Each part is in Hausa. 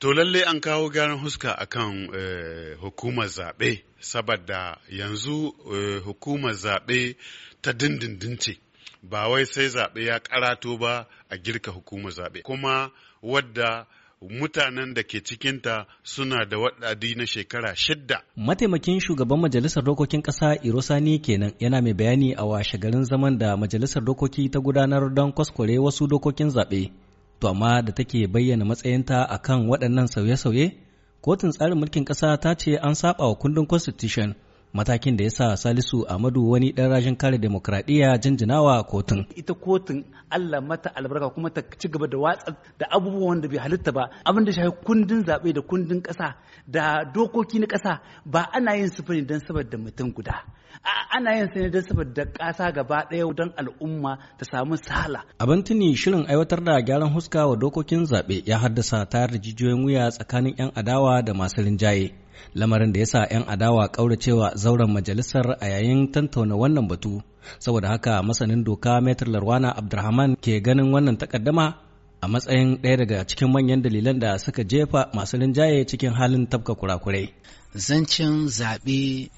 To lalle an kawo gyaran huska akan eh, hukumar zaɓe, saboda yanzu eh, hukumar zaɓe ta dindindin ce, ba wai sai zaɓe ya karato ba a girka hukumar zaɓe. Kuma wadda mutanen da ke cikinta suna da waɗadi na shekara shidda. Mataimakin shugaban Majalisar Dokokin Ƙasa Irosani kenan yana mai bayani a washe garin zaman da Majalisar Dokoki ta gudanar don kwaskware wasu dokokin zaɓe. to amma da take bayyana matsayinta a kan waɗannan sauye-sauye kotun tsarin mulkin ƙasa ta ce an saɓa wa kundin constitution matakin da ya sa salisu amadu wani ɗan rajin kare demokradiyya jinjinawa kotun ita kotun allah mata albarka kuma ta ci gaba da watsa da abubuwan da bai halitta ba abin da shafi kundin zaɓe da kundin ƙasa da dokoki na ƙasa ba ana yin su ne don saboda mutum guda ana yin su ne don saboda ƙasa gaba ɗaya don al'umma ta samu sala abin tuni shirin aiwatar da gyaran huska wa dokokin zaɓe ya haddasa tayar da jijiyoyin wuya tsakanin 'yan adawa da masu rinjaye lamarin da ya sa 'yan adawa kauracewa zauren majalisar a yayin tantauna wannan batu saboda haka masanin doka metr larwana abdurrahman ke ganin wannan takaddama a matsayin ɗaya daga cikin manyan dalilan da suka jefa masu rinjaye cikin halin tafka kurakurai zancen zaɓe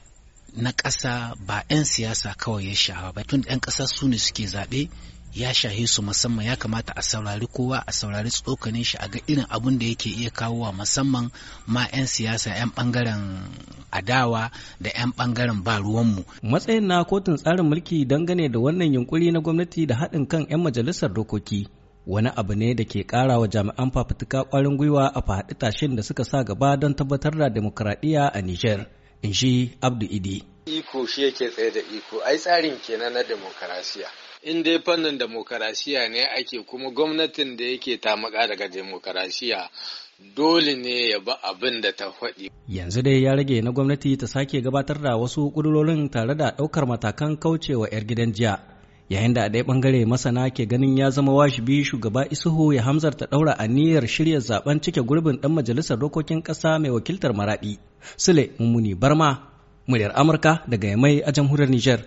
na ƙasa ba 'yan siyasa kawai ya sha ba tun 'yan ƙasa su ne suke zaɓe ya shahe su musamman ya kamata a saurari kowa a saurari tsokanin shi a ga irin abun da yake iya kawo wa musamman ma 'yan siyasa 'yan bangaren adawa da 'yan bangaren ba ruwanmu. matsayin na kotun tsarin mulki dangane da wannan yunkuri na gwamnati da haɗin kan 'yan majalisar dokoki wani abu ne da ke ƙara wa jami'an fafutuka ƙwarin gwiwa a faɗi tashin da suka sa gaba don tabbatar da demokuraɗiyya a Nijar, in shi Abdu Idi. Iko shi yake tsaye da iko, ai tsarin kenan na demokarasiya. in dai fannin demokarasiya ne ake kuma gwamnatin da yake tamaka daga demokarasiya dole ne ya ba abin da ta faɗi. Yanzu dai ya rage na gwamnati ta sake gabatar da wasu ƙudurorin tare da ɗaukar matakan kaucewa 'yar gidan jiya. Yayin da a ɗaya ɓangare masana ke ganin ya zama washibi shugaba Isuhu ya ta ɗaura a niyyar shirya zaben cike gurbin ɗan majalisar dokokin ƙasa mai wakiltar maraɗi. Sule Mummuni Barma, muryar Amurka daga Yamai a jamhuriyar Nijar.